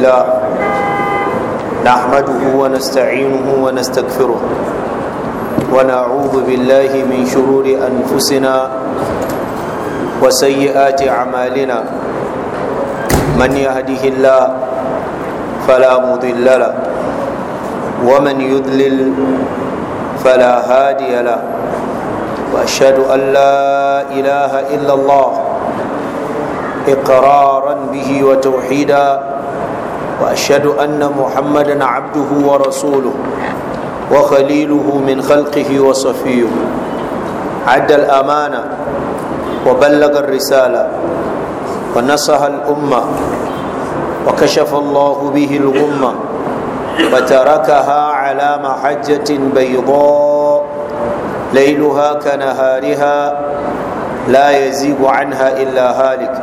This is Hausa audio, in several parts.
الله نحمده ونستعينه ونستغفره ونعوذ بالله من شرور انفسنا وسيئات اعمالنا من يهده الله فلا مضل له ومن يضلل فلا هادي له واشهد ان لا اله الا الله اقرارا به وتوحيدا واشهد ان محمدا عبده ورسوله وخليله من خلقه وصفيه عد الامانه وبلغ الرساله ونصح الامه وكشف الله به الغمه وتركها على محجه بيضاء ليلها كنهارها لا يزيغ عنها الا هالك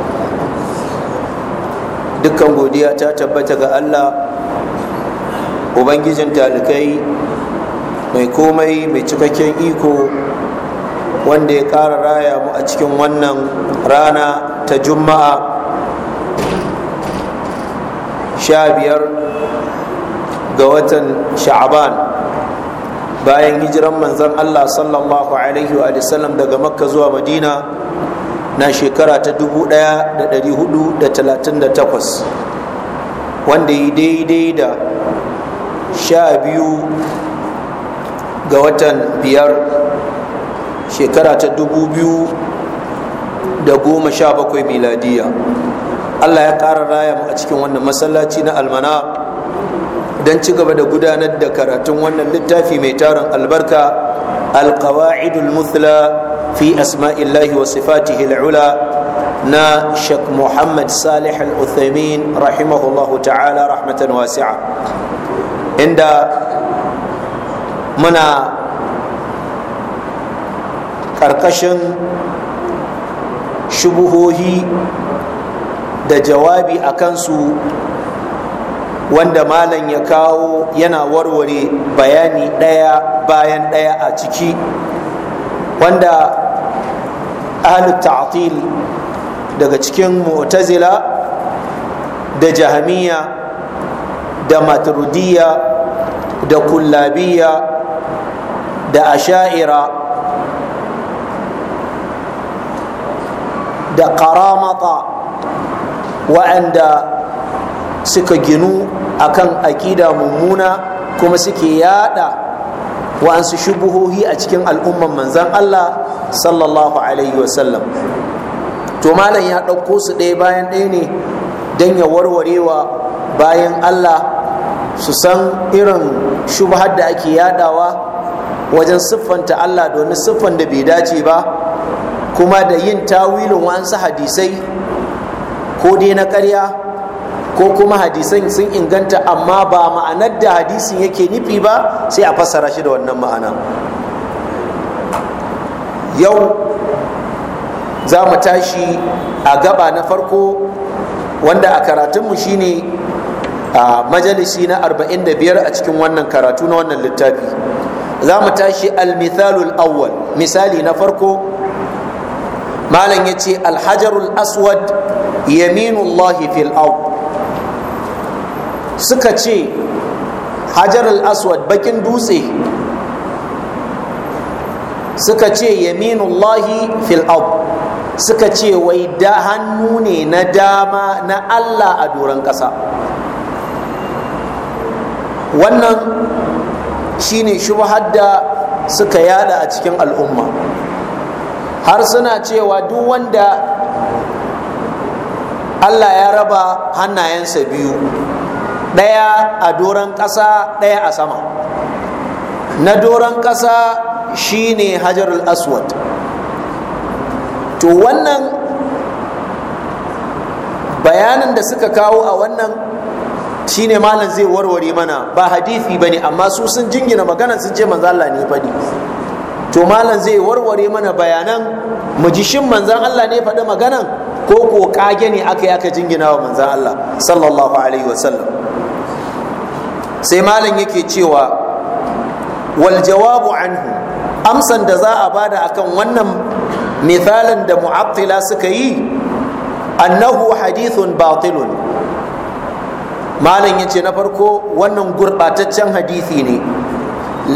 dukkan godiya ta tabbata ga Allah ubangijin talikai mai komai mai cikakken iko wanda ya ƙara raya mu a cikin wannan rana ta juma'a sha biyar ga watan sha'aban bayan hijiran manzon Allah sallallahu alaihi wa sallam daga makka zuwa madina na shekara ta 1438 wanda yi daidai da sha biyu ga watan biyar shekara ta 2017 miladiya allah ya ƙara raya mu a cikin wannan masallaci na almana don ci gaba da gudanar da karatun wannan littafi mai tarin albarka alkawa'idul muthla fi asma'illahi wa sifatihi al'ula na Sheikh Muhammad Salih Al-Uthaymin rahimahullahu ta'ala rahmatan wasi'a inda muna karkashin shubuhohi da jawabi a kansu wanda malam ya kawo yana warware bayani ɗaya bayan ɗaya a ciki wanda ahlut ta'atil daga cikin mu'tazila da jahamiya da maturidiyya da Kullabiya, da asha'ira da karamata wa'anda suka ginu akan akida mummuna kuma suke yada wa'ansu shubuhohi a cikin al'umman manzan Allah sallallahu alaihi wasallam to malam ya ɗauko su ɗaya bayan ɗaya ne don ya warwarewa bayan allah su san irin shubhar da ake yadawa wajen siffanta allah domin siffan da bai dace ba kuma da yin tawilin wasu hadisai ko dai na ƙarya ko kuma hadisan sun inganta amma ba ma'anar da hadisin yake nufi ba sai a fassara shi da wannan ma'ana yau za mu tashi a gaba na farko wanda a karatunmu shine a majalisi na 45 a cikin wannan karatu na wannan littafi za mu tashi almithalul awwal misali na farko malam ya ce alhajarul aswad yaminullahi fil aw. suka ce hajarul aswad bakin dutse suka ce yaminullahi fil ab suka ce wai da hannu ne na dama na Allah a doron ƙasa wannan shine shubhar da suka yada a cikin al'umma har suna cewa duk wanda Allah ya raba hannayensa biyu ɗaya a doron ƙasa ɗaya a sama na doron ƙasa shine hajarul aswad to wannan bayanin da suka kawo a wannan shine malam zai warware mana ba hadithi bane amma su sun jingina magana sun ce manzo Allah ne faɗi to malam zai warware mana bayanan mu ji shin manzan Allah ne faɗi maganan ko ko kage ne aka yi aka jingina wa manzan Allah sallallahu alaihi wasallam sai malam yake cewa wal jawabu anhu amsan da za a bada akan wannan misalan da mu'attila suka yi annahu hadithun batilun malam yace na farko wannan gurbataccen hadisi ne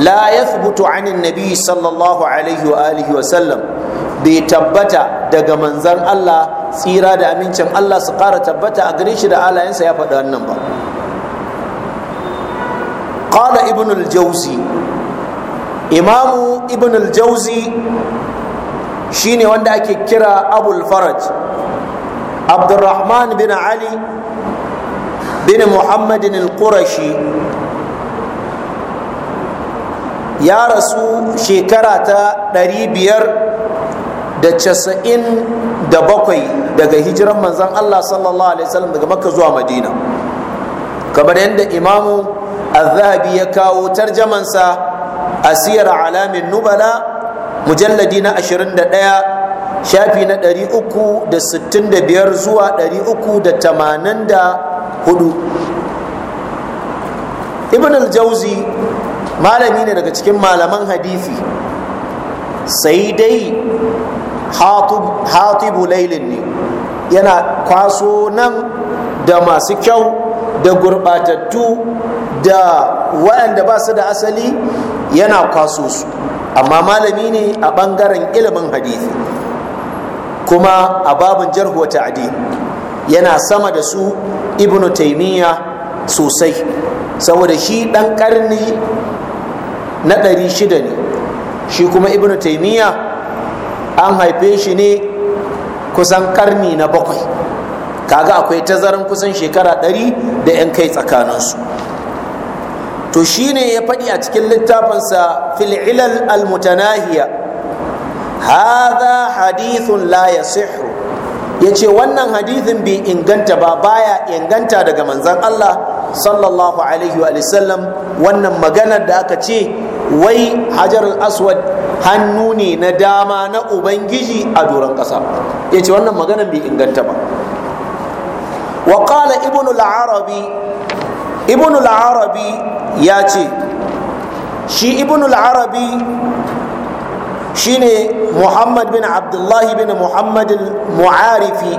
la yathbutu anin nabi sallallahu alaihi wa alihi wa sallam bai tabbata daga manzan Allah tsira da amincin Allah su ƙara tabbata a gare shi da alayensa ya faɗi wannan ba qala ibnul jawzi imamu ibn al-jauzi shine wanda ake kira abul faraj abdurrahman bin ali bin muhammadin al-qurashi ya rasu shekara ta 597 daga hijiran manzan allah sallallahu alaihi wasallam daga makka zuwa madina kamar yadda imamu al-zahabi ya kawo tarjamansa asiyar alamin nubala mujalladi na 21 shafi na 365 zuwa 384 ibn al-jauzi malami ne daga cikin malaman hadisi sai dai hatibu lailin ne yana kwaso nan da masu kyau da gurbatattu da waɗanda ba su da asali yana kwaso su amma malami ne a bangaren ilimin hadisi kuma a babin jarhu wa ta'adi yana sama da su ibnu taimiyya sosai saboda shi dan karni na ɗari shida ne shi kuma ibnu taimiyya an haife shi ne kusan karni na bakwai kaga akwai tazarin kusan shekara ɗari da 'yan kai tsakaninsu to shi ne ya faɗi a cikin littafinsa fil'ilal al mutanahiya hadha hadithun la Ya ce wannan hadithin bai inganta ba baya inganta daga manzan Allah sallallahu alaihi wa sallam wannan maganar da aka ce wai Hajar aswad hannu ne na dama na ubangiji a doron ƙasa ce wannan maganar bai inganta ba wa qala ibnu al-arabi ibn al-arabi ya ce shi ibn al-arabi shine muhammad bin abdullahi bin muhammad al-mu'arifi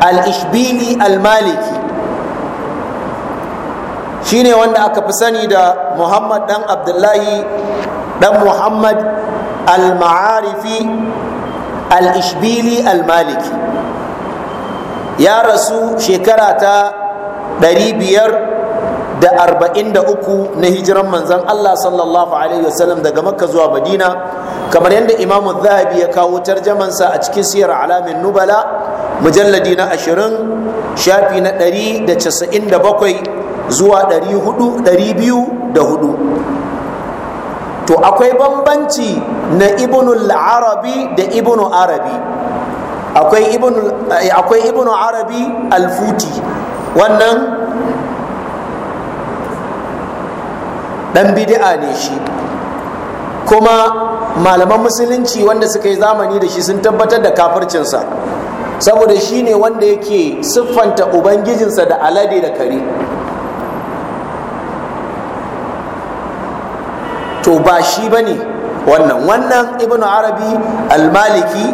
al-ishbili al-maliki shine wanda aka fi sani da muhammad dan abdullahi dan muhammad al-ma'arifi al-ishbili al-maliki ya rasu shekara ta biyar. da arba'in da uku na hijiran manzan Allah sallallahu alaihi wasallam daga makka zuwa madina kamar yadda imamu zahabi ya kawo tarjamansa a cikin siyar alamin nubala mujalladi na ashirin shafi na ɗari da casa'in da bakwai zuwa ɗari hudu ɗari biyu da hudu to akwai bambanci na ibnul arabi da ibnu arabi akwai eh, ibnu arabi alfuti wannan dan bid'a ne shi kuma malaman musulunci wanda suka yi zamani da shi sun tabbatar da kafircinsa saboda shi ne wanda yake siffanta ubangijinsa da alade da kare to ba shi ba ne wannan wannan ibn arabi almaliki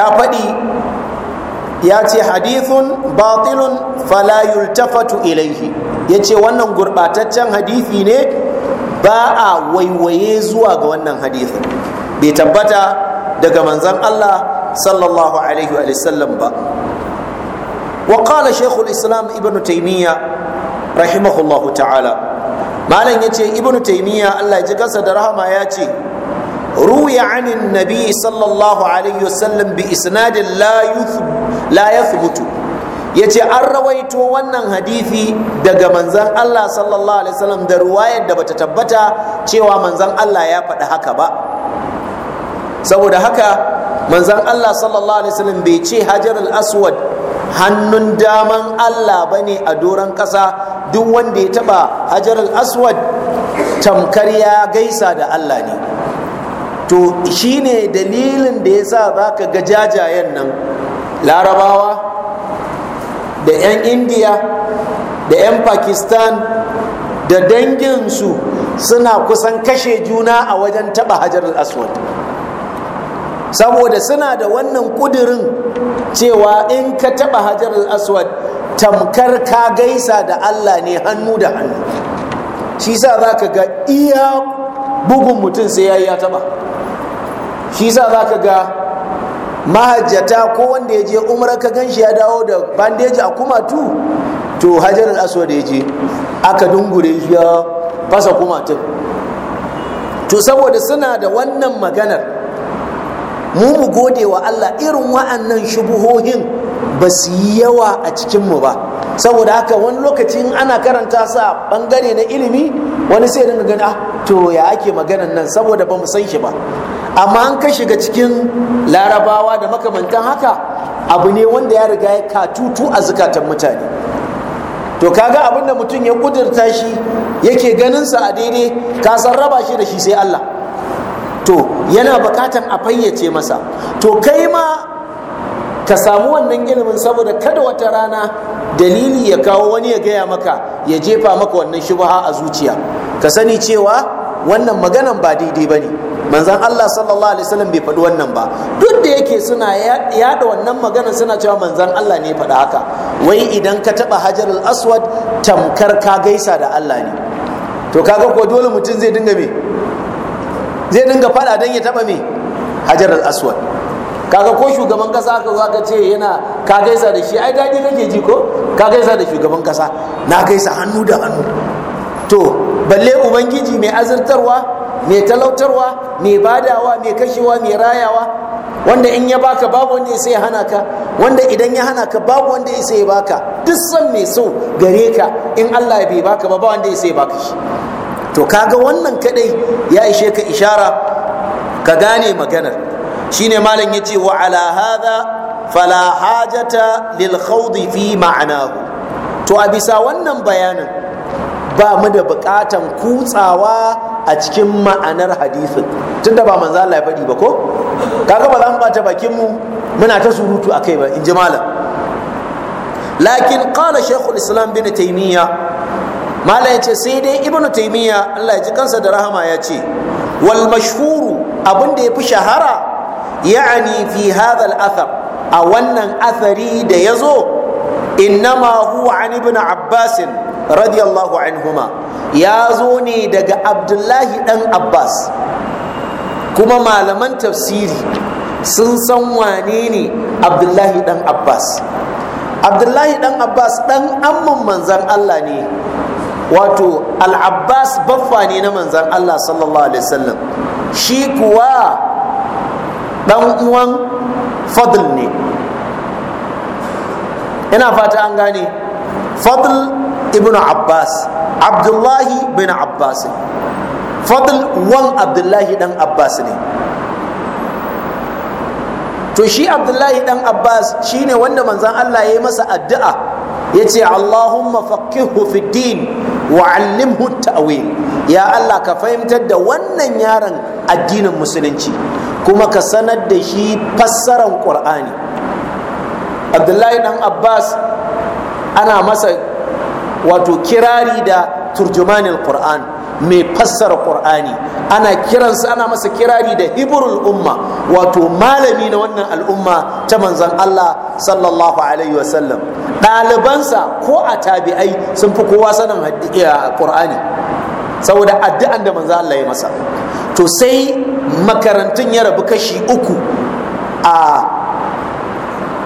ya faɗi ya ce hadithun batilun fala yultafatu ilaihi ya ce wannan gurɓataccen hadithi ne ba a waiwaye zuwa ga wannan hadithin bai tabbata daga manzan Allah sallallahu alaihi wa sallam ba wa qala shaykhul islam ibnu taymiya rahimahullahu ta'ala malam yace Ibn taymiya Allah ya ji kansa da rahama ya ce روي عن النبي صلى الله عليه وسلم بإسناد لا يثبت لا يثبت yace an rawaito wannan hadithi daga manzan Allah sallallahu alaihi wasallam da ruwayar da bata tabbata cewa manzan Allah ya faɗi haka ba saboda haka manzan Allah sallallahu alaihi wasallam bai ce hajar al-aswad hannun daman Allah bane a doron ƙasa duk wanda ya taɓa hajar al-aswad tamkar ya gaisa da Allah ne to shine dalilin da ya sa za ka ga jajayen nan larabawa da 'yan indiya da 'yan pakistan da danginsu suna kusan kashe juna a wajen taba hajar aswad saboda suna da wannan kudirin cewa in ka taba hajar aswad tamkar ka gaisa da allah ne hannu da hannu shi sa za ka ga iya bugun mutum sai ya yi ya taba shi sa za ka ga mahajjata ko wanda ya je umarar ka gan shi ya dawo da bandeji a kumatu to hajar aswad ya je aka dungure shi ya fasa kumatun to saboda suna da wannan maganar mu mu gode wa Allah irin wa'annan shubuhohin ba su yi yawa a cikinmu ba saboda haka wani lokacin ana karanta sa bangare na ilimi wani sai dinga gani ah to ya ake maganan nan saboda ba mu san shi ba amma an ka shiga cikin larabawa da makamantan haka abu ne wanda ya riga ya katutu a zukatan mutane to kaga abin da mutum ya kudurta shi yake ganin sa a daidai ka san raba shi da shi sai Allah to yana bukatan a fayyace masa to kai ma ka samu wannan ilimin saboda kada wata rana dalili ya kawo wani ya gaya maka ya jefa maka wannan shubha a zuciya ka sani cewa wannan maganan ba daidai ba ne manzan Allah sallallahu alaihi wasallam bai faɗi wannan ba duk da yake suna yaɗa wannan maganar suna cewa manzan Allah ne faɗa haka wai idan ka taɓa hajar aswad tamkar ka gaisa da Allah ne to kaga ko dole mutum zai dinga zai dinga faɗa don ya taɓa me hajar aswad kaga ko shugaban kasa aka zo aka ce yana ka gaisa da shi ai daɗi kake ji ko ka gaisa da shugaban kasa na gaisa hannu da hannu to balle ubangiji mai azurtarwa mai talautarwa mai badawa mai kashewa mai rayawa wanda in ya baka babu wanda ya sai hana ka wanda idan ya hana ka babu wanda ya sai baka duk san mai so gare ka in Allah bai baka ba ba wanda ya sai baka shi to kaga wannan kadai ya ishe ka ishara ka gane maganar shine malam yace wa ala hadha fala hajata lil khawdi fi ma'anahu to a bisa wannan bayanin ba mu da bukatan kutsawa a cikin ma'anar hadisin tunda ba manzo Allah ya faɗi ba ko kaga ba za mu bata bakin mu muna ta surutu akai ba in ji malam lakin qala shaykhul islam bin taymiya malam ya ce sai dai ibnu taymiya Allah ya ji kansa da rahama ya ce wal mashhuru abun da ya fi shahara ya'ani fi hadha al-athar a wannan athari da ya zo innama huwa an ibn abbasin radiyallahu anhuma ya zo ne daga abdullahi dan abbas kuma malaman tafsiri sun san wane ne abdullahi dan abbas abdullahi dan abbas dan amman manzan allah ne wato Al-Abbas baffa ne na manzan allah sallallahu alaihi wasallam shi kuwa dan uwan fadl ne ina fata an gane fadl ibn abbas abdullahi bin abbas fadl wan abdullahi dan abbas ne to shi abdullahi dan abbas shine wanda manzan allah ya yi masa addu'a ya ce allahumma faqihu fi din wa allimhu ta'wil ya allah ka fahimtar da wannan yaron addinin musulunci kuma ka sanar da shi fassaran ƙur'ani abdullahi dan abbas ana masa wato kirari da turjumanin ƙur'an mai fassara ƙur'ani ana kiransa ana masa kirari da hibrul umma wato malami na wannan al'umma ta manzan allah sallallahu alaihi wasallam ɗalibansa ko a tabi'ai sun fi kowa sanin ƙur'ani eh, saboda addu'an da manzan allah ya masa to sai makarantun ya rabu kashi uku a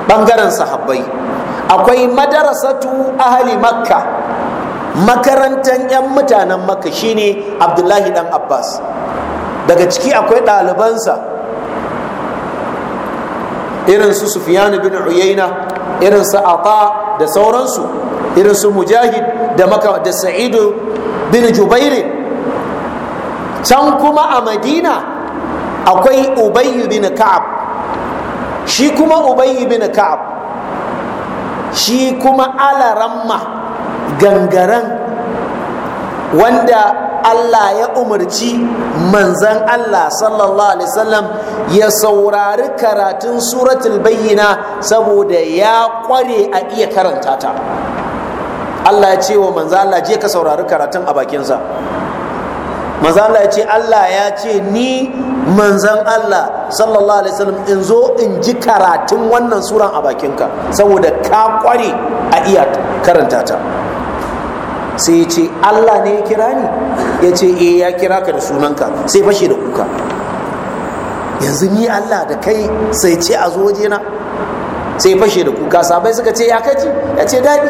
ɓangaren sahabbai akwai madarasatu ahali makka makarantar 'yan mutanen makka shine abdullahi dan abbas daga ciki akwai ɗalibansa irin su sufiyanu bin uyaina irin su ata da sauransu irin su mujahid da da sa'idu bin jubairin can kuma a madina akwai ubayyu bin ka'ab shi kuma ubayyu bin ka'ab shi kuma alaramma gangaren wanda Allah ya umarci manzan Allah sallallahu alaihi wasallam ya saurari karatun suratul bayyina saboda ya kware a iya karanta ta Allah ya ce wa manzan Allah je ka saurari karatun a bakinsa manzo Allah ya ce Allah ya ce ni manzan Allah sallallahu alaihi wasallam in zo in ji karatun wannan suran a bakinka saboda ka kware a iya karanta ta sai ya ce Allah ne ya kira ni ya ce eh ya kira ka da sunanka sai fashe da kuka yanzu ni Allah da kai sai ce a zo wajena sai fashe da kuka sabai suka ce ya kaji ya ce daɗi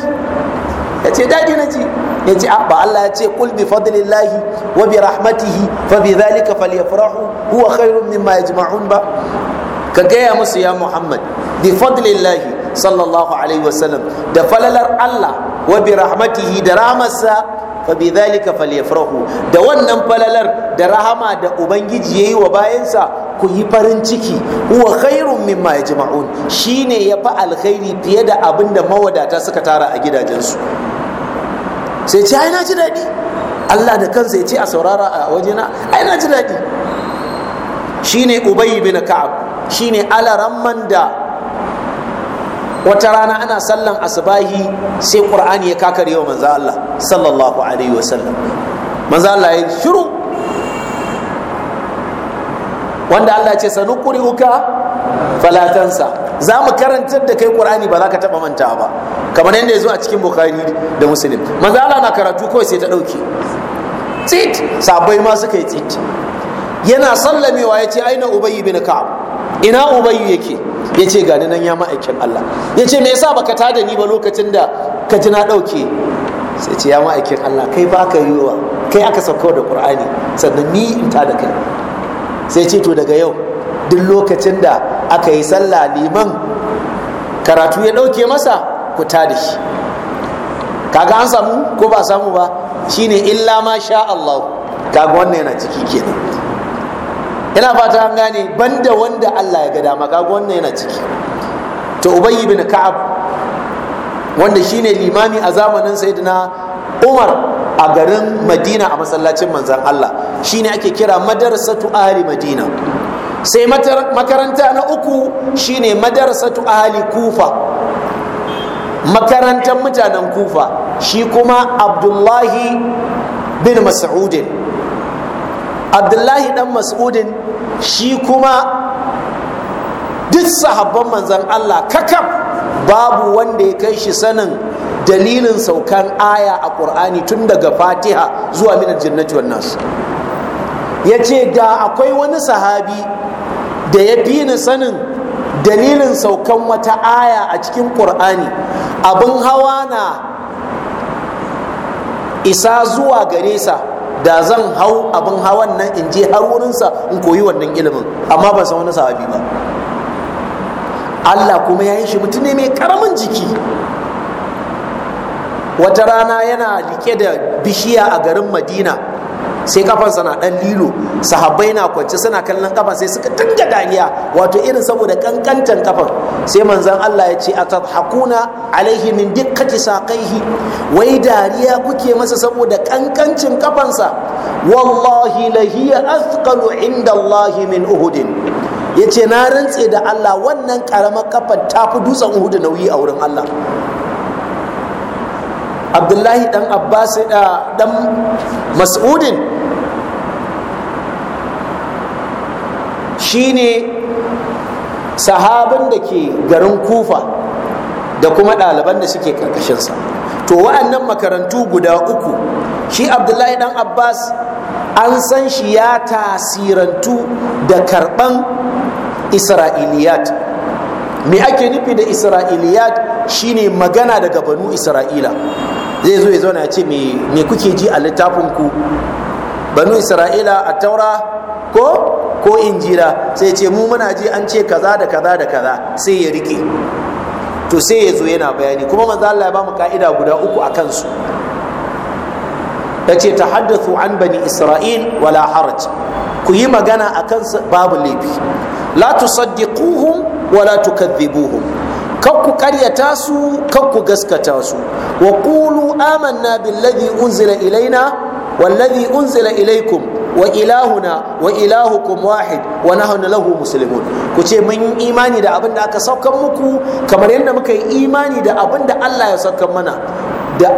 ya ce daɗi na ji ya ce ah, ba Allah ya ce kul bi fadlillahi wa bi rahmatihi fa bi dhalika falyafrahu huwa khairun mimma yajma'un ba ka gaya musu ya Muhammad bi fadlillahi sallallahu alaihi wasallam da falalar Allah wa bi rahmatihi da rahamarsa fabidhalika falyafrahu da wannan falalar da rahama da ubangiji yayi wa bayansa ku yi farin ciki huwa khairun mimma yajma'un shine yafi alkhairi fiye da abinda mawadata suka tara a gidajensu sai ce ai na ji daɗi Allah da kansa ya ce a saurara a wajena ai na ji daɗi shine ubay bin ka'ab shine alaramman da wata rana ana sallan asubahi sai qur'ani ya kakare wa manzo Allah sallallahu alaihi wa sallam. manzo Allah ya shiru wanda Allah ce sanuqri'uka fala tansa za mu karantar da kai qur'ani ba za ka taba mantawa ba kamar yadda ya zo a cikin bukhari da musulun. maza ala na karatu kawai sai ta dauke tsit sabai ma suka yi tsit yana sallamewa ya ce aina ubayi bin ka? ina ubayi yake ya ce gani nan ya ma'aikin Allah ya ce me yasa baka tada ni ba lokacin da ka ji na dauke sai ce ya ma'aikin Allah kai ba ka yi wa? kai aka sauko da Qur'ani sannan ni in da kai sai ce to daga yau duk lokacin da aka yi sallah liman karatu ya dauke masa fita da shi kaga an samu ko ba samu ba shine illa ma sha Allah kaga wannan yana ciki kenan ina fata an gane banda wanda Allah ya ga dama kaga wannan yana ciki to ubay ibn ka'ab wanda shine limami a zamanin na Umar a garin Madina a masallacin manzan Allah shine ake kira madrasatu ahli Madina sai makaranta na uku shine madrasatu ahli Kufa makarantar mutanen kufa shi kuma abdullahi bin mas'udin abdullahi dan mas'udin shi kuma duk sahabban manzan allah kakaf babu wanda ya kai shi sanin dalilin saukan aya a ƙur'ani tun daga fatiha zuwa minar jannati wan nas ya ce da akwai wani sahabi da ya fi ni sanin dalilin saukan wata aya a cikin ƙur'ani abin hawa na isa zuwa gare sa da zan hau abin hawan nan in je har wurinsa in koyi wannan ilimin amma ban san wani sahabi ba Allah kuma ya yi shi mutum ne mai karamin jiki wata rana yana rike da bishiya a garin madina sai kafansa na dan lilo sahabbai na kwance suna kallon kafa sai suka dinga dariya wato irin saboda kankantan kafan sai manzon Allah ya ce atadhakuna alaihi min dikkati saqaihi wai dariya kuke masa saboda kankancin kafansa wallahi lahiya athqalu inda Allah min uhudin yace na rantse da Allah wannan karamar kafar ta fi dutsen Uhud nauyi a wurin Allah abdullahi dan abbas da eh, dan mas'udin shine sahabin da ke garin kufa da kuma ɗaliban da suke ƙarƙashinsa to wa'annan makarantu guda uku shi abdullahi dan abbas an san shi ya tasirantu da karɓan isra'iliyat me ake nufi da isra'iliyat shine magana daga banu isra'ila zai zo ya zauna ya ce me kuke ji a littafinku banu isra'ila a taura ko ko injira sai ce mu muna ji an ce kaza da kaza da kaza sai ya rike to sai ya zo yana bayani kuma manzo Allah ya ba mu ka'ida guda uku a kansu ya ce tahaddathu an bani isra'il wala haraj ku yi magana a kansu babu laifi la tusaddiquhum wala tukadhibuhum kan ku karyata su kan ku gaskata su wa qulu amanna billadhi unzila ilaina والذي unzila ilaikum wa ilahuna wa ilahukum wahid wa nahnu lahu muslimun ku ce mun yi imani da abin da aka saukan muku kamar yadda muka yi imani da abin da Allah ya saukan mana da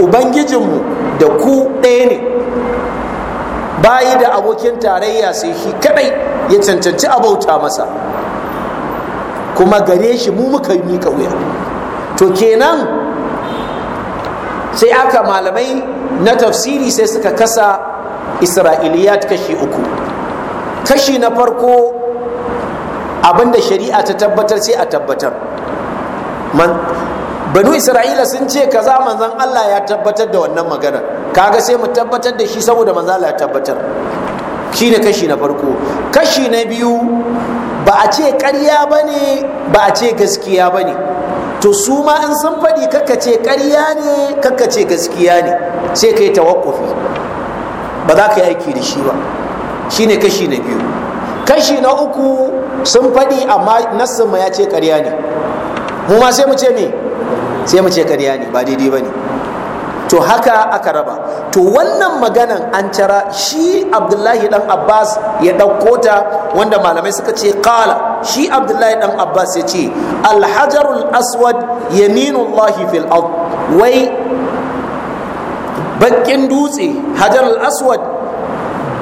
ubangijinmu da ku ɗaya ne bayi da abokin tarayya sai shi kadai ya cancanci abauta masa kuma gare shi mu muka yi mika wuya to kenan sai aka malamai na tafsiri sai suka kasa isra'iliyat kashi uku kashi na farko abinda shari'a ta tabbatar sai a tabbatar banu isra'ila sun ce kaza manzan allah ya tabbatar da wannan maganar kaga sai mu tabbatar da shi saboda manzan allah ya tabbatar shine kashi na farko kashi na biyu ba a ce karya ba ne ba a ce gaskiya ba ne to su ma in sun faɗi kaka ce karya ne kaka ce gaskiya ne sai kai yi tawakkufi ba za ka yi aiki da shi ba shine kashi na biyu kashi na uku sun faɗi amma nassin ma ya ce ƙarya ne mu ma sai mu ce me sai mu ce ƙarya ne ba daidai ba ne to haka aka raba to wannan maganan an cara shi abdullahi dan abbas ya ɗauko ta wanda malamai suka ce kala shi abdullahi dan abbas ya ce alhajarul aswad yaminullahi fil ard wai baƙin dutse hajar al-aswad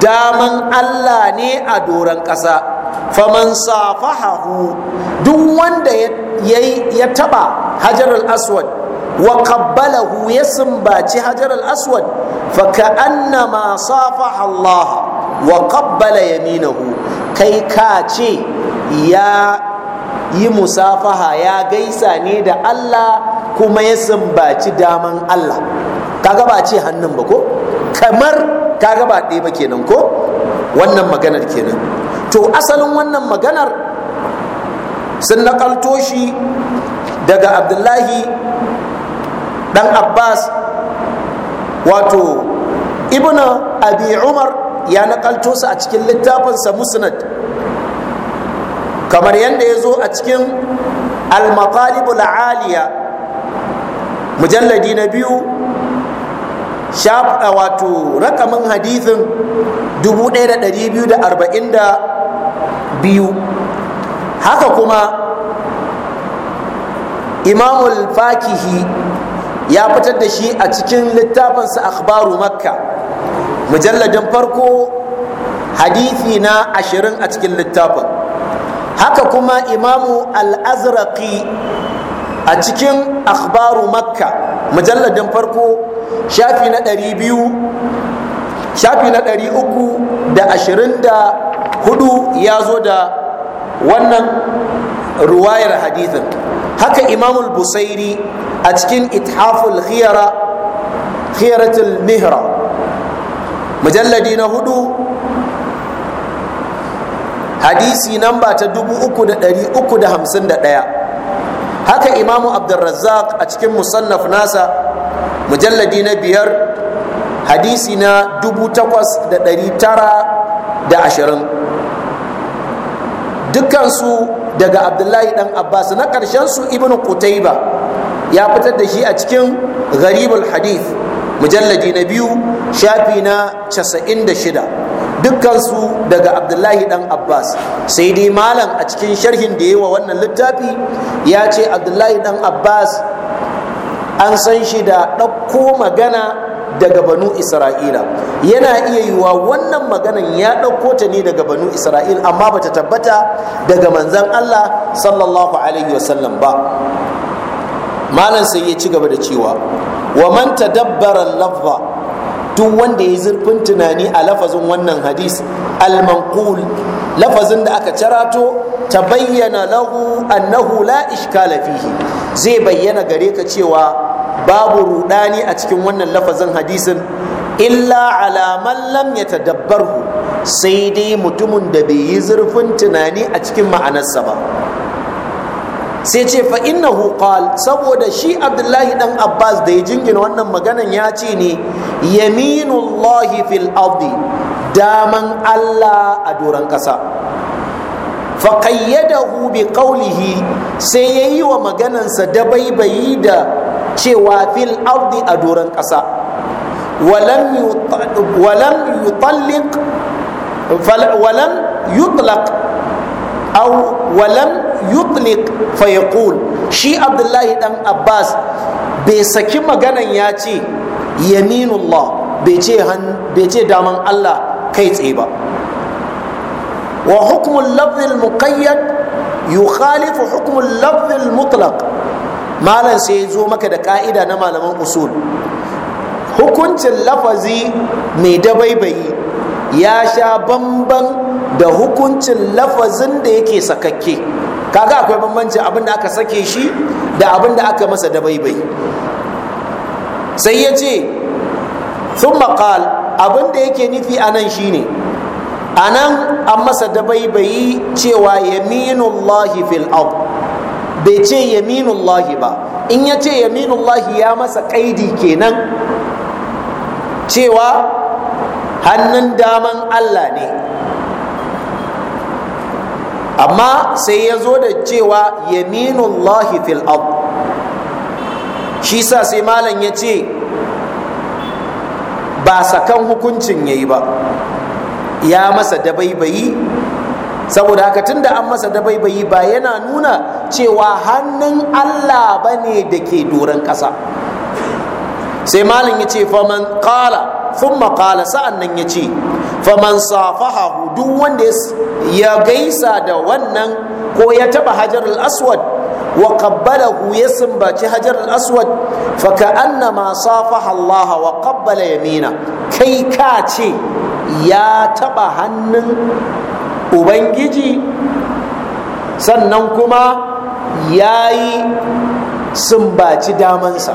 daman allah ne a doron ƙasa faman safahahu duk wanda ya taba hajar al-aswad wa qabbalahu ya sumbaci hajar al-aswad fa ka'annama safaha allah wa qabbala yaminahu kai ka ce ya yi musafaha ya gaisa ne da allah kuma ya sumbaci daman allah kaga ba a ce hannun ba ko kamar kaga ba ɗaya ba kenan ko wannan maganar kenan to asalin wannan maganar sun nakalto shi daga abdullahi dan abbas wato ibnu abi umar ya nakalto su a cikin littafinsa musnad kamar yadda ya zo a cikin al-maqalibul aliya mujalladi na biyu shafa wato rakamin hadithin 1242 haka kuma imamul fakihi ya fitar da shi a cikin littafinsa akhbaru makka mujalladin farko hadithi na ashirin a cikin littafin haka kuma imamu al-azraqi a cikin akhbaru makka mujalladin farko shafi na ɗari biyu shafi na ɗari uku da ashirin da hudu ya zo da wannan ruwayar hadithin haka imamul busairi a cikin ithaful khiyara khiyaratul mihra mujalladi na hudu hadisi namba ta dubu uku da ɗari uku da hamsin da ɗaya haka imamu abdulrazzaq a cikin musannaf nasa mujalladi na biyar hadisi na dubu takwas da ɗari tara da ashirin dukansu daga abdullahi dan abbas na su ibn qutayba ya fitar da shi a cikin gharibul hadith mujalladi na biyu shafi na casa'in da shida dukansu daga abdullahi dan abbas sai dai malam a cikin sharhin da ya yi wa wannan littafi ya ce abdullahi dan abbas an san shi da ɗauko magana daga banu isra'ila yana iya yiwuwa wannan maganan ya ɗauko ta ne daga banu isra'ila amma ba ta tabbata daga manzan allah sallallahu alaihi wasallam ba malam sai ya ci gaba da cewa wa manta tadabbara lafza duk wanda ya zurfin tunani a lafazin wannan hadis al-manqul lafazin da aka carato ta bayyana lahu annahu la ishkala fihi zai bayyana gare ka cewa babu rudani a cikin wannan lafazin hadisin illa ala man lam yatadabbaru sai dai mutumin da bai yi zurfin tunani a cikin ma'anarsa ba sai ce fa innahu qal saboda shi abdullahi dan abbas da ya jingina wannan maganan ya ce ne yaminullahi fil ardi daman allah a doron kasa qayyadahu bi ƙaulihi sai ya yi wa maganansa dabaibayi da cewa fil ardi a doron ƙasa walam yutalliq walam yutlaq aw walam yutliq fa yaqul shi abdullahi dan abbas bai saki maganan ya ce yaminullah bai ce daman allah kai tsaye ba wa hukmun lafzil muqayyad yukhalifu hukmun lafzil mutlaq malam sai ya zo maka da ka'ida na malaman usul hukuncin lafazi mai dabaibayi ya sha bamban da hukuncin lafazin da yake sakakke kaga akwai bambancin abin da aka sake shi da abin da aka masa dabaibayi sai ya ce sun maƙal abin da yake nufi a nan ne a nan an masa dabaibayi cewa yaminullahi fil ard bai ce yaminullahi ba in ya ce yaminullahi ya masa kaidi kenan cewa hannun daman Allah ne amma sai ya zo da cewa yaminullahi fil ard shi sa sai malam ya ce ba sakan hukuncin ya yi ba ya masa dabaibayi saboda haka da an masa dabaibayi ba yana nuna cewa hannun Allah bane da ke doron ƙasa sai malin ya ce faman kala sun maƙala sa'an nan ya ce faman safaha duk wanda ya gaisa da wannan ko ya taba hajar aswad wa qabbalahu ya sumbaci hajar aswad fa ma safaha Allah wa qabbala yamina kai ka ce ya taba hannun ubangiji sannan kuma ya yi sumbaci damansa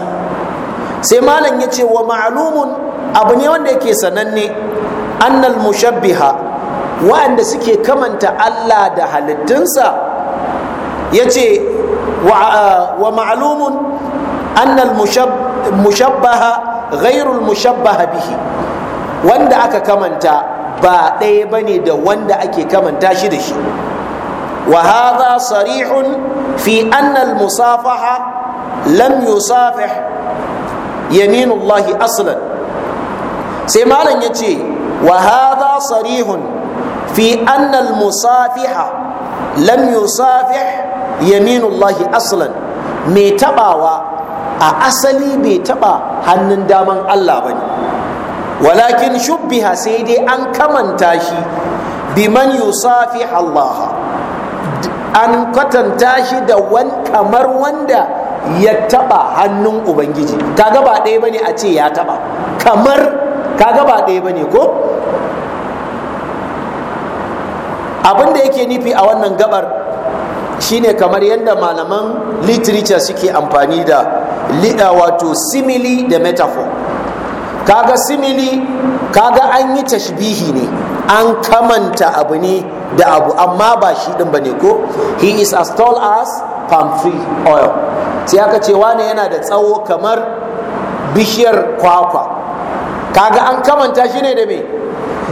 sai malam ya ce wa ma'alumun abu ne wanda yake sananne annal mushabbiha wa'anda suke kamanta allah da halittunsa ya ce wa ma'alumun annal mushabbaha ghairul mushabbaha bihi wanda aka kamanta ba ɗaya ba ne da wanda ake kamanta shi da shi wa hadha sarihun fi anna musafaha lam yusafih yaminullahi aslan sai malam ya ce wa sarihun fi anna musafiha lam yusafih yaminullahi aslan mai taɓawa a asali bai taɓa hannun daman Allah ba ne walakin shubbiha sai dai an kamanta shi biman yusafi Allah an kwatanta shi da wan kamar wanda ya taba hannun ubangiji kaga ba ɗaya bane a ce ya taba kamar kaga ba ɗaya bane ko abin da yake nufi a wannan gabar shine kamar yadda malaman literature suke amfani da wato simili da metaphor kaga simili kaga an yi tashbihi ne an kamanta abu ne da abu amma ba shi din bane ko he is as tall as palm tree oil sai aka ce wane yana da tsawo kamar bishiyar kwakwa kaga an kamanta shi ne da me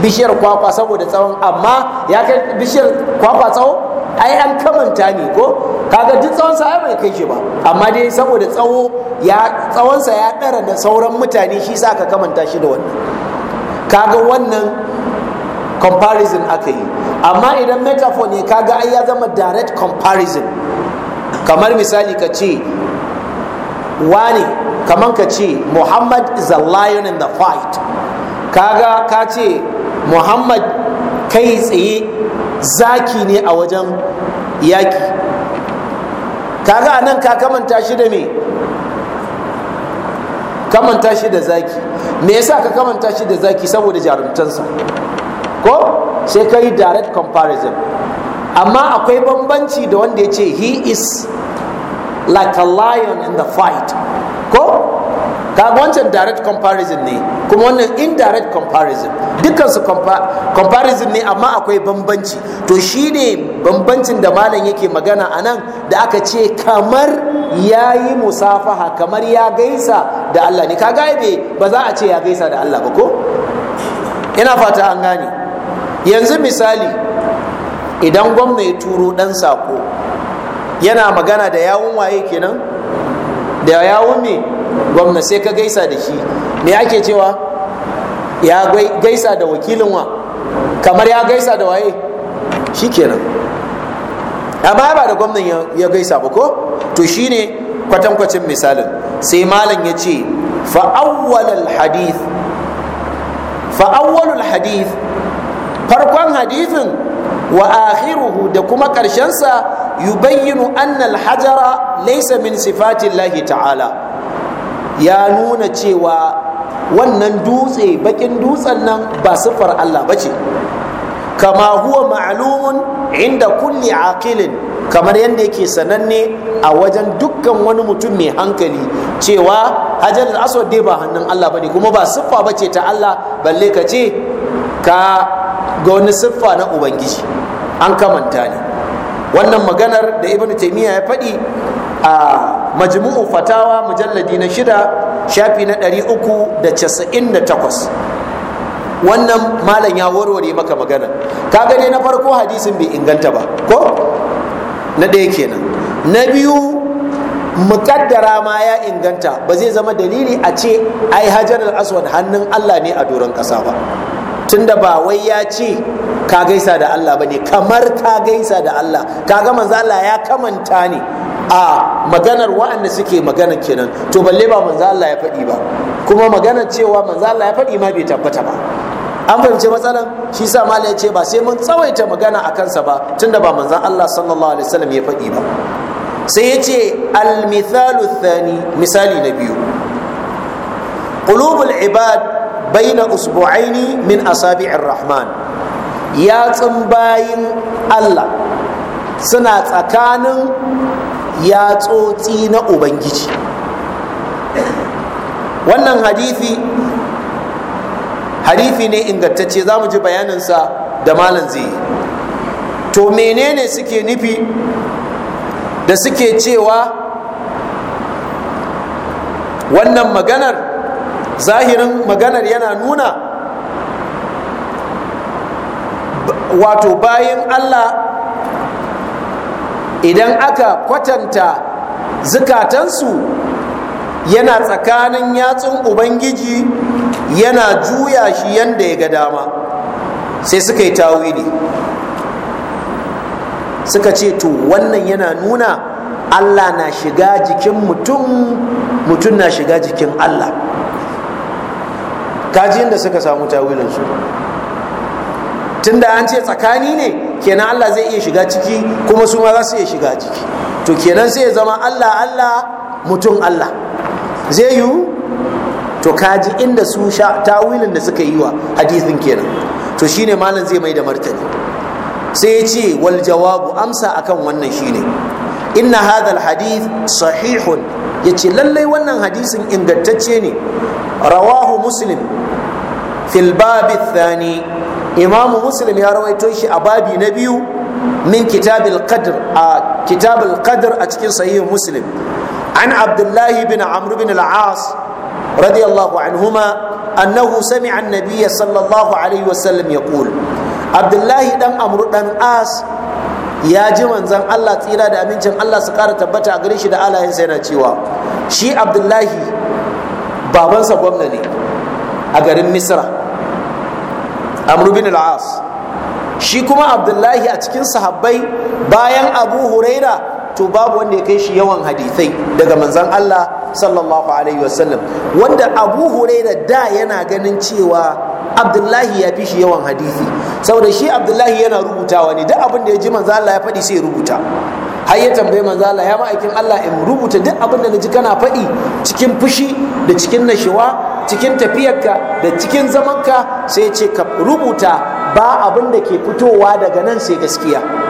bishiyar kwakwa saboda tsawon amma ya kai bishiyar kwakwa tsawo ai an kamanta ne ko kaga duk tsawon sa bai kai shi ba amma dai saboda tsawo ya tsawonsa ya ɗara da sauran mutane shi sa ka kamanta shi da wannan kaga wannan comparison aka yi amma idan metaphor ne kaga ai ya zama direct comparison kamar misali ka ce wani kamar ka ce muhammad is a lion in the fight kaga ka ce muhammad kai tsaye zaki ne a wajen yaki kaga anan ka kamanta shi da me kamanta shi da zaki me yasa ka kamanta shi da zaki saboda jarumtansa ko sai ka yi direct comparison amma akwai bambanci da wanda ya ce he is like a lion in the fight ko ka wancan direct comparison ne kuma wannan indirect comparison dukkansu comparison ne amma akwai bambanci to shi ne bambancin da malam yake magana anan da aka ce kamar ya yi musafaha kamar ya gaisa da Allah ne ka gaibe ba za a ce ya gaisa da Allah ba ko ina fata an gane yanzu misali idan gwamna ya turo dan sako yana magana da yawun waye kenan da yawun me gwamna sai ka gaisa da shi me ake cewa ya gaisa da wakilin wa kamar ya gaisa da waye shi kenan amma ba da gwamnan ya gaisa ba ko to shine kwatankwacin misalin sai malam ya ce fa'awwalal hadith fa'awwalul hadith farkon hadithin wa akhiruhu da kuma ƙarshensa yubayyinu annal hajara laysa min sifatillahi ta'ala ya nuna cewa wannan dutse bakin dutsen nan ba siffar Allah ba ce kama huwa ma'lumun inda kulli aqilin kamar yadda yake sananne a wajen dukkan wani mutum mai hankali cewa hajar al-aswad dai ba hannun Allah bane kuma ba siffa bace ta Allah balle ka ce ka ga wani siffa na ubangiji an kamanta ne wannan maganar da ibn taymiya ya faɗi a majmu'u fatawa mujalladi na shida shafi na 398 wannan malam ya warware maka magana ka gane na farko hadisin bai inganta ba ko na ɗaya kenan na biyu mukaddara ma ya inganta ba zai zama dalili a ce ai hajar aswad hannun allah ne a doron ƙasa ba tunda ba wai ya ce ka gaisa da allah ba ne kamar ka gaisa da allah Ka gama allah ya kamanta ne a maganar wa'anda suke maganar kenan to balle ba manzo ya faɗi ba kuma maganar cewa manzala ya faɗi ma bai tabbata ba an fahimci matsalan shi sa mala ya ce ba sai mun tsawaita magana a kansa ba tunda ba manzan Allah sallallahu alaihi wasallam ya faɗi ba sai ya ce almithalu thani misali na biyu qulubul ibad baina usbu'aini min asabi'ir rahman yatsun bayin Allah suna tsakanin yatsotsi na ubangiji wannan hadithi harifi ne ingantacce za mu ji bayaninsa da malam zai to menene suke nufi da suke cewa wannan maganar zahirin maganar yana nuna wato bayan allah idan aka kwatanta zukatansu yana tsakanin yatsun ubangiji yana juya shi yanda ya ga dama sai suka yi tawili suka ce to wannan yana nuna allah na shiga jikin mutum mutum na shiga jikin allah kaji yadda suka samu tawilinsu tunda an ce tsakani ne kenan allah zai iya shiga ciki kuma su ma za su iya shiga ciki to kenan sai ya zama allah allah mutum allah zai yiwu to kaji inda su sha tawilin da suka yi wa hadisin kenan to shine malam zai mai da martani sai ya ce wal jawabu amsa akan wannan shine inna hadha al hadith sahihun yace lallai wannan hadisin ingantacce ne rawahu muslim fil babi thani imamu muslim ya rawaito shi a babi na biyu min kitabil qadr a qadr a cikin sahih muslim an abdullahi bin amr bin al-as رضي الله عنهما أنه سمع النبي صلى الله عليه وسلم يقول عبد الله دم أمر دم آس ya ji manzan Allah tsira da amincin Allah Sa kara tabbata a gare shi da alayensa yana cewa shi abdullahi babansa gwamna ne a garin misra amru bin al'as shi kuma abdullahi a cikin sahabbai bayan abu huraira to babu wanda ya kai shi yawan hadisai daga manzan Allah sallallahu alaihi wasallam wanda Abu Huraira da yana ganin cewa Abdullahi ya fi shi yawan hadisi saboda shi Abdullahi yana rubutawa ne duk abin da ya ji manzan Allah ya faɗi sai rubuta har ya tambaye manzan Allah ya ma'aikin Allah in rubuta duk abin da ji kana faɗi cikin fushi da cikin nashewa, cikin tafiyarka da cikin zamanka sai ce ka rubuta ba abin da ke fitowa daga nan sai gaskiya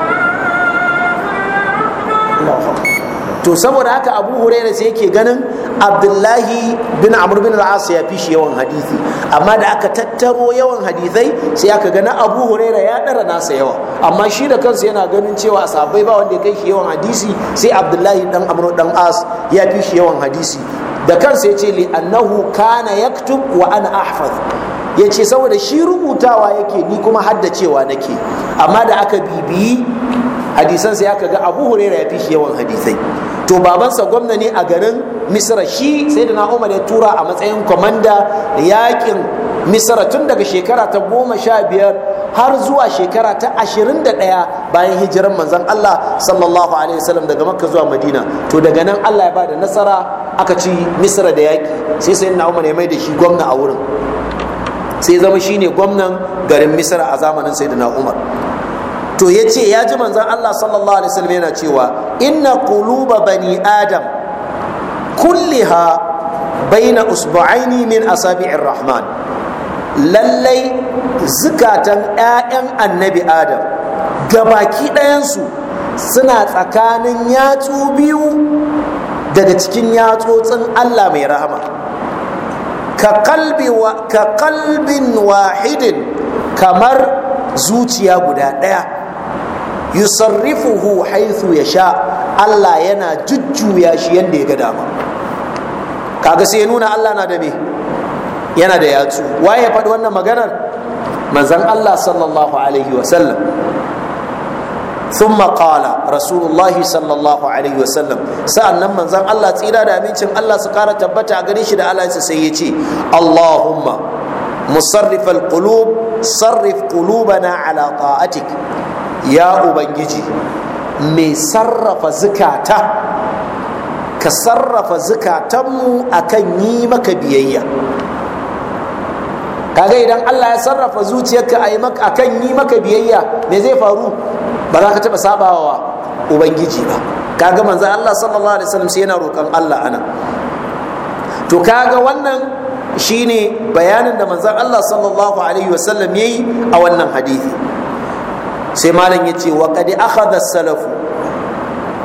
to saboda haka abu huraira sai yake ganin abdullahi bin amur bin al'asa ya fi shi yawan hadisi amma da aka tattaro yawan hadisai sai aka gana abu huraira ya dara nasa yawa amma shi da kansa yana ganin cewa sahabbai ba wanda ya kai shi yawan hadisi sai abdullahi dan amur dan as ya fi shi yawan hadisi da kansa ya ce li annahu kana yaktub wa ana ahfaz ya ce saboda shi rubutawa yake ni kuma haddacewa nake amma da aka bibiyi hadisan sai aka ga abu huraira ya fi shi yawan hadisai to babansa gwamna ne a garin misra shi sai da umar ya tura a matsayin kwamanda yakin misra tun daga shekara ta goma sha biyar har zuwa shekara ta ashirin da ɗaya bayan hijiran manzan allah sallallahu alaihi wasallam daga makka zuwa madina to daga nan allah ya ba da nasara aka ci Misira da yaki sai sai na umar ya mai da shi gwamna a wurin sai zama ne gwamnan garin Misira a zamanin sai da umar to ya ce ya ji manzan Allah sallallahu alaihi wasallam yana cewa inna kuluba bani adam kulliha baina usbu'aini min asabi'ir rahman lallai zukatan 'ya'yan annabi adam gabaki ɗayansu suna tsakanin yatsu biyu daga cikin yatsotsin Allah mai rahama ka kalbin wahidin kamar zuciya guda ɗaya yusarrifuhu ya sha Allah yana jujjuya shi yanda ya ga dama kaga sai ya nuna Allah na da me yana da yatsu waye ya faɗi wannan maganar manzon Allah sallallahu alaihi wasallam ثم قال رسول الله صلى الله عليه وسلم سألنا من زن الله تيرا دا أمينشن الله سكارة تبتع قريش دا الله سيتي اللهم مصرف القلوب صرف قلوبنا على طاعتك ya ubangiji mai sarrafa zukata ka sarrafa zukatanmu akan yi maka biyayya kaga idan Allah ya sarrafa zuciyarka a kan yi maka biyayya me zai faru ba za ka taɓa sabawa ubangiji ba kaga manzan Allah sallallahu alaihi wasallam sai yana roƙon Allah ana to kaga wannan shine bayanin da manzan Allah sallallahu alaihi wasallam yi a wannan hadisi sai malam ya ce wa kadi akhadha salafu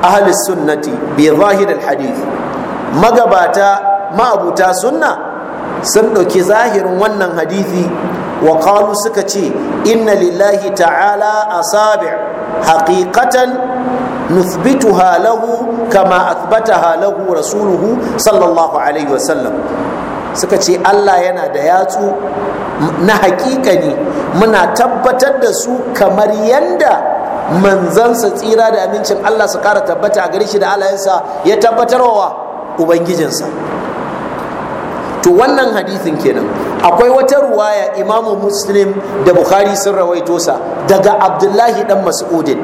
ahli sunnati bi zahir alhadith magabata ma'abuta sunna sun ɗauki zahirin wannan hadithi wa qalu suka ce inna lillahi ta'ala asabi' haqiqatan nuthbituha lahu kama athbataha lahu rasuluhu sallallahu alaihi sallam. suka ce Allah yana da yatsu na hakika ne muna tabbatar da su kamar yanda manzansa tsira da amincin Allah su kara tabbata a gare shi da alayensa ya wa ubangijinsa to wannan hadithin kenan akwai wata ruwaya imamu muslim da bukhari sun rawaito sa daga abdullahi dan mas'udin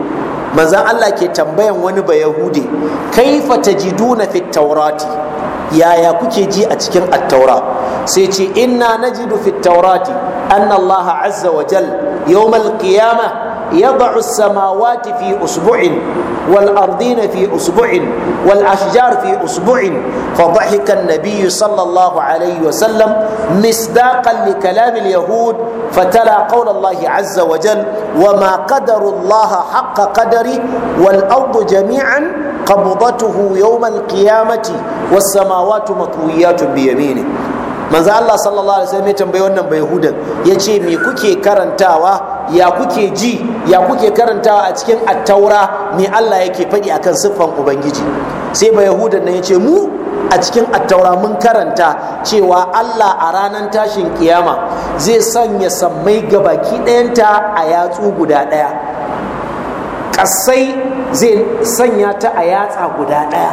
manzan Allah ke tambayan wani ba yahude kaifa tajiduna fit taurati yaya kuke ji a cikin attaura sai ce inna najidu fi taurati an allaha azza wa jal yawmal samawati fi usbu'in wal ardina fi usbu'in wal ashjar fi usbu'in fa dhahika an-nabiy sallallahu li kalam yahud فتلا قول الله عز وجل وما قدر الله حق قدره والأرض قبضته يوم القيامة والسماوات مطويات بيمينه manzo Allah sallallahu alaihi wasallam ya tambayi wannan bai Ya yace me kuke karantawa ya kuke ji ya kuke karantawa a cikin attaura me Allah yake faɗi akan siffan ubangiji sai bai na nan yace mu a cikin attaura mun karanta cewa Allah a ranar tashin kiyama zai sanya sammai gabaki ɗayanta a yatsu guda ɗaya ƙasai zai sanya ta a yatsa guda ɗaya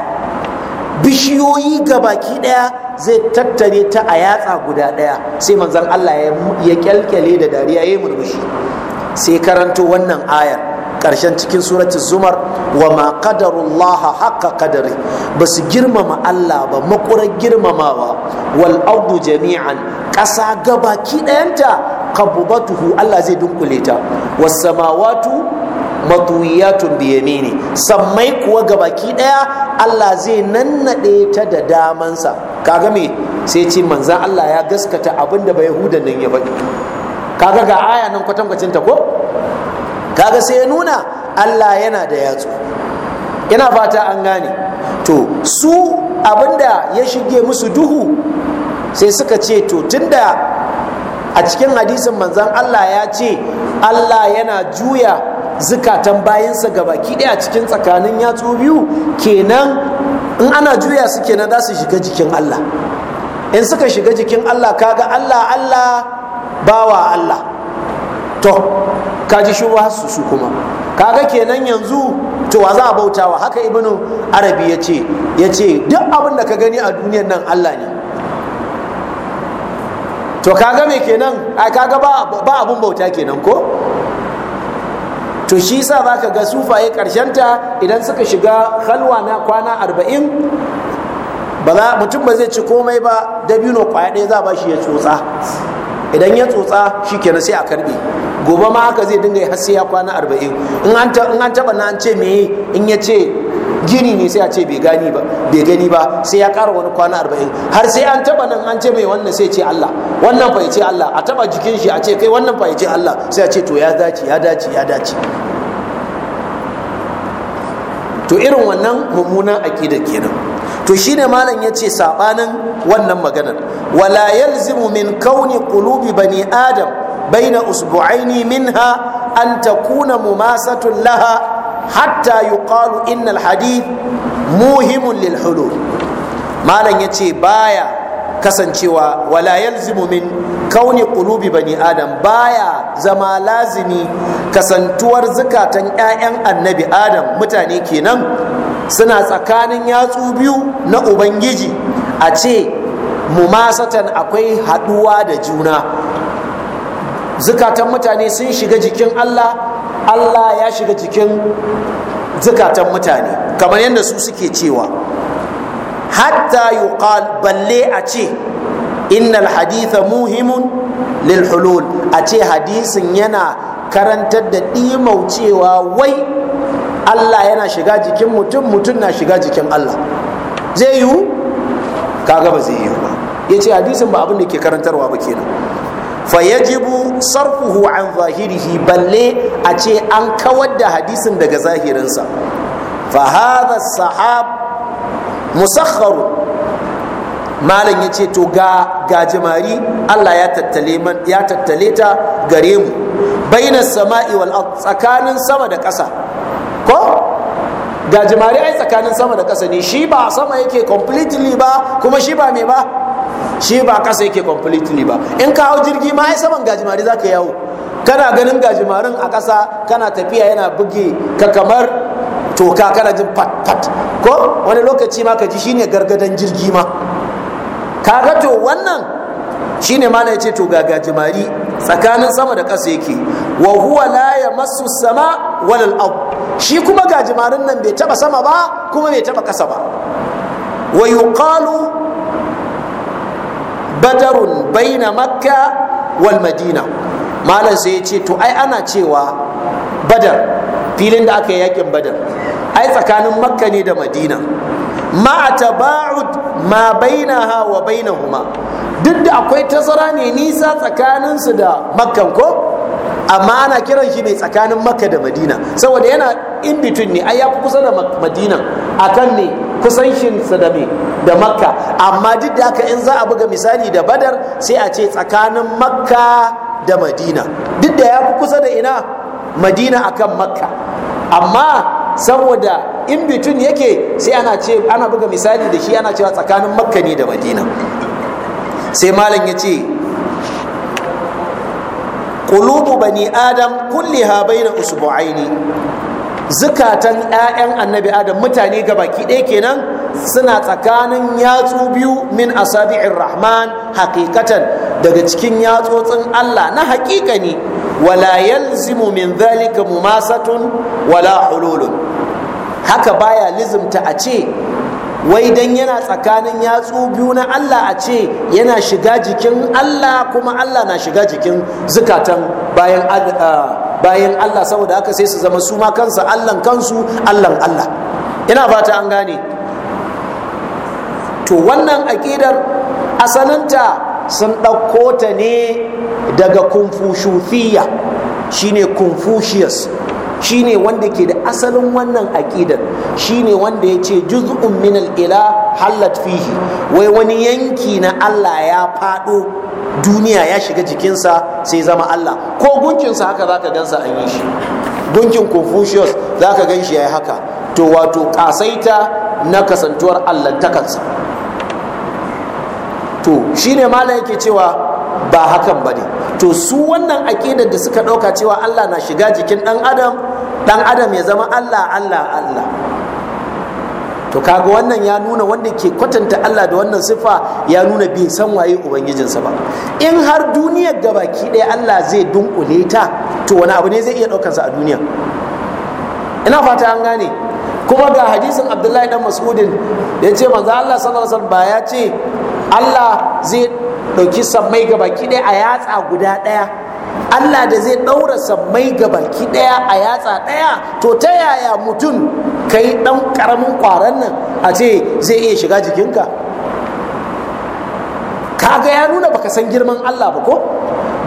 bishiyoyi ga baki ɗaya zai tattare ta a yatsa guda ɗaya sai manzan Allah ya kyalkyale da dariya ya murmushi sai karanto wannan ayar ƙarshen cikin surat zumar wa ma qadarullaha haqqa qadari ba su girmama Allah ba makurar girmamawa wal ardu jami'an ƙasa gabaki ɗayanta qabdatuhu Allah zai dunkule ta was samawatu matwiyatun biyamini sammai kuwa gabaki daya Allah zai nannade ta da damansa kaga me sai ce manzan Allah ya gaskata abinda ba yahudan nan ya faɗi kaga ga aya nan kwatankwacin ta ko kaga sai ya nuna Allah yana da yatsu ina fata an gane to su abinda ya shige musu duhu sai suka ce to tunda a cikin hadisin manzan Allah ya ce Allah yana juya zukatan bayansa gabaki ɗaya cikin tsakanin yatsu biyu kenan in ana juya su kenan za su shiga jikin Allah in suka shiga jikin Allah kaga Allah Allah bawa Allah to kaji shi su su kuma kaga kenan yanzu to wa za a bautawa haka ibnu arabi ya ce ya ce duk abin da ka gani a duniyar nan Allah ne to kaga me kenan ai kaga ba abun bauta kenan ko to shi sa za ka ga sufaye ta idan suka shiga halwa na kwana arba'in mutum ba zai ci komai ba dabino kwaya ɗaya za ba shi ya tsotsa idan ya tsotsa shi kenan sai a karɓe gobe ma haka zai dinga har sai ya kwana arba'in in an taɓa na an ce meye in ya ce gini ne sai a ce bai gani ba sai ya ƙara wani kwana arba'in har sai an taba nan an ce mai wannan sai ce Allah wannan fa ce Allah a taba jikin shi a ce kai wannan fa ce Allah sai a ce to ya dace ya dace ya dace to irin wannan mummunan aqida kenan to shine malam ya ce sabanin wannan maganar wala yalzimu min kauni kulubi bani adam baina usbu'aini minha an takuna mumasatun laha hatta yuqalu innal hadith muhimun lil hulul malam yace baya kasancewa wala yalzimu min kauni qulubi bani adam baya zama lazimi kasantuwar zukatan ƴaƴan annabi adam mutane kenan suna tsakanin yatsu biyu na ubangiji a ce mumasatan akwai haɗuwa da juna zukatan mutane sun shiga jikin allah Allah ya shiga cikin zukatan mutane kamar yadda su suke cewa hatta yi balle a ce innal haditha muhimun lil hulul a ce hadisin yana karantar da cewa wai Allah yana shiga jikin mutum mutum na shiga jikin Allah zai yiwu kaga ba zai yiwu ba ya ce hadisin ba abin da ke karantarwa ba kenan fayajibu sarfuhu an zahirihi balle a ce an kawar da hadisin daga zahirinsa fa hadha sahab musakharu malam yace to ga gajimari Allah ya tattale ya tattale ta gare mu bainas sama'i wal tsakanin sama da ƙasa ko gajimari ai tsakanin sama da ƙasa ne shi ba sama yake completely ba kuma shi ba me ba shi ba kasa yake completely ba in ka hau jirgi ma ai saman gajimari zaka yawo kana ganin gajimarin a kasa kana tafiya yana buge ka kamar toka kana jin pat pat ko wani lokaci ma ka ji shine gargadan jirgi ma kaga to wannan shine ma na yace to ga gajimari tsakanin sama da kasa yake wa huwa la yamassu sama wal ard shi kuma gajimarin nan bai taba sama ba kuma bai taba kasa ba wa yuqalu badarun baina makka wal madina malam sai ya ce to ai ana cewa badar filin da aka yi yakin badar ai tsakanin makka ne da madina ma a taba'ud ma ha wa huma? duk da akwai tazara ne nisa tsakaninsu da makkan ko amma ana kiran shi ne tsakanin makka da madina saboda yana in between ne ai ya fi kusa da madina akan ne kusancinsa da me da makka amma duk da haka in za a buga misali da badar sai a ce tsakanin makka da madina duk da ya fi kusa da ina madina akan makka amma saboda in bitun yake sai ana ce ana buga misali da shi ana cewa tsakanin makka ne da madina sai malam ya ce ƙulubu bani adam kulliha na usbu'aini zukatan 'ya'yan annabi adam mutane ga baki ɗaya kenan suna tsakanin yatsu biyu min asabi'ir rahman hakikatan daga cikin yatsotsin allah na hakika ne wala yalzimu min zalika mumasatun wala hululun haka baya lizimta a ce wai dan yana tsakanin yatsu biyu na Allah a ce yana shiga jikin Allah kuma Allah na shiga jikin zukatan bayan ah, bayan Allah saboda haka sai su zama su ma kansa Allahn kansu Allahn Allah ina fata an gane to wannan aƙidar asalinta sun ɗauko ta ne daga confucius shine confucius shine wanda ke da asalin wannan aƙidar shine wanda ya ce juz'un min ila hallat fihi wai wani yanki na Allah ya faɗo duniya ya shiga jikinsa sai zama Allah ko gunkinsa haka zaka sa an yi shi gunkin confucius zaka gan shi ya yi haka to wato kasaita na kasantuwar allantakansa to shine malam yake cewa ba hakan ba ne to su wannan aƙidar da suka ɗauka cewa allah na shiga jikin ɗan adam ɗan adam ya zama allah allah allah to kaga wannan ya nuna wanda ke kwatanta Allah da wannan siffa ya nuna bin san waye ubangijinsa ba in har duniyar gabaki ɗaya Allah zai dunkule ta to wani abu ne zai iya ɗaukansa a duniya ina fata an gane kuma ga hadisin Abdullahi dan Mas'udin da ya ce manzo Allah sallallahu alaihi wasallam ba ya ce Allah zai ɗauki sammai gabaki ɗaya a yatsa guda ɗaya Allah da zai ɗaura sammai ga baki ɗaya a yatsa ɗaya to ta yaya mutum ka yi ɗan ƙaramin ƙwaron nan a ce zai iya shiga jikinka kaga ya nuna baka san girman Allah ba ko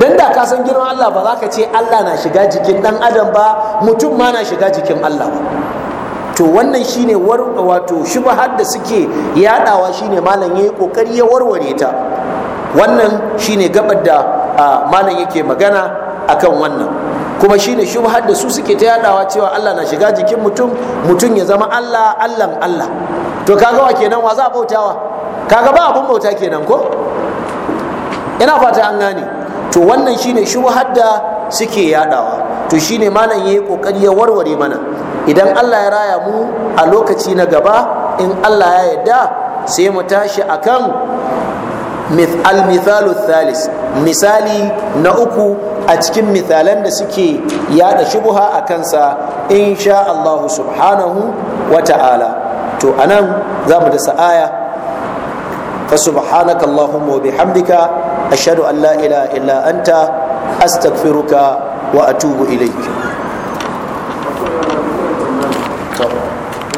Don da ka san girman Allah ba za ka ce Allah na shiga jikin ɗan adam ba mutum ma na shiga jikin Allah ba to wannan shine wato shubahar da suke yadawa shine malam yayi kokari ya warware ta wannan shine gabar da malam yake magana akan wannan kuma shine shubhar da su suke ta yadawa cewa Allah na shiga jikin mutum mutum ya zama Allah Allah Allah to kaga wa kenan wa za a bautawa kaga ba abun bauta kenan ko ina fata an gane to wannan shine shubhar da suke yadawa to shine malam yayi kokari ya warware mana idan Allah ya raya mu a lokaci na gaba in Allah ya yarda sai mu tashi akan al-mithalu thalis misali na uku a cikin misalan da suke yada shubuha a kansa insha Allah subhanahu wa ta'ala to anan za mu dasa aya fa subhanaka allahumma wa bihamdika ashhadu an la ilaha illa anta astaghfiruka wa atubu ilayk